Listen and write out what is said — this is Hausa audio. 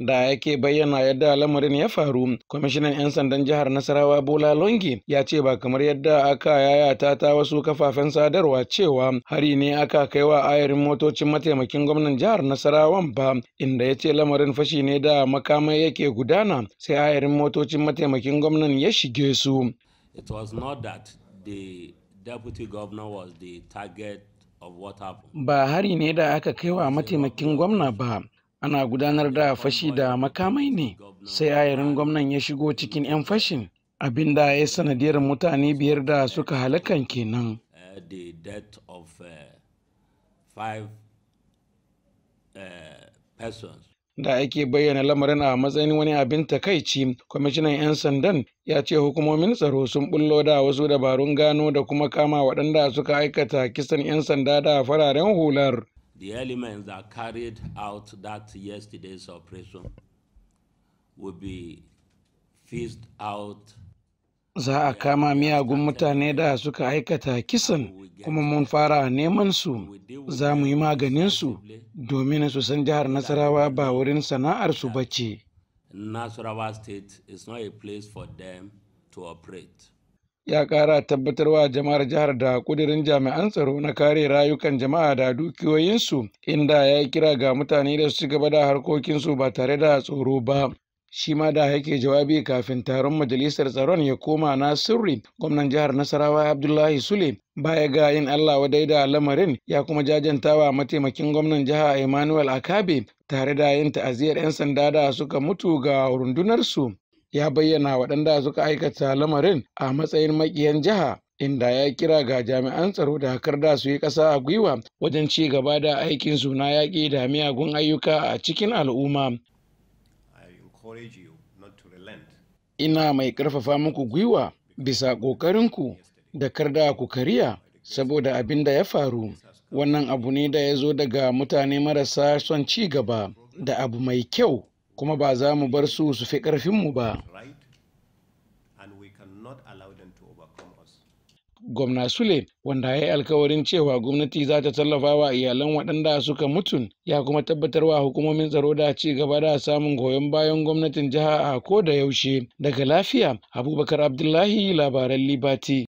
da yake bayyana yadda lamarin ya faru kwamishinan 'yan sandan jihar nasarawa bola longi ya ce ba kamar yadda aka yayata ta wasu kafafen sadarwa cewa hari ne aka kai wa ayarin motocin mataimakin gwamnan jihar nasarawan ba inda ya ce lamarin fashi ne da makamai yake gudana sai ayarin motocin mataimakin gwamnan ya shige su it not that the deputy governor was the target Ba hari ne da aka kai wa mataimakin gwamna ba, ana gudanar da fashi da makamai ne sai ayarin gwamnan ya shigo cikin 'yan fashin abinda ya sanadiyar mutane biyar da suka halakan kenan da ake bayyana lamarin a matsayin wani abin takaici kwamishinan 'yan sandan ya ce hukumomin tsaro sun bullo da wasu dabarun gano da kuma kama waɗanda suka aikata kisan 'yan sanda da fararen hular The elements that carried out that yesterday's operation will be fizzed out za a kama miyagun mutane da suka aikata kisan kuma mun fara neman su za mu yi maganin su domin su san jihar nasarawa ba wurin sana'ar su bace nasarawa state is not a place for them to operate ya ƙara tabbatarwa jama'ar jihar da kudirin jami'an tsaro na kare rayukan jama'a da dukiyoyinsu inda ya kira ga mutane da su ci gaba da harkokinsu ba tare da tsoro ba shi ma da yake jawabi kafin taron majalisar tsaron ya koma na sirri gwamnan jihar nasarawa abdullahi sule baya ga yin allah wadai da lamarin ya kuma jajantawa mataimakin gwamnan jiha emmanuel akabe tare da yin ta'aziyar 'yan sanda da suka mutu ga rundunarsu ya bayyana waɗanda suka aikata lamarin a matsayin makiyan jiha inda ya kira ga jami'an tsaro da da su yi ƙasa a gwiwa wajen ci gaba da aikin su na yaƙi da miyagun ayyuka a cikin al'umma. Ina mai ƙarfafa muku gwiwa bisa ƙoƙarinku da karda ku kariya saboda abin da ya faru. Wannan abu ne da ya zo daga mutane marasa son ci gaba da abu mai kyau kuma ba za mu bar su su fi ƙarfinmu ba gwamna sule wanda ya yi alkawarin cewa gwamnati za ta tallafa wa iyalan waɗanda suka mutun ya kuma tabbatar wa hukumomin tsaro da ci gaba da samun goyon bayan gwamnatin jiha a ko da yaushe daga lafiya abubakar abdullahi labaran libati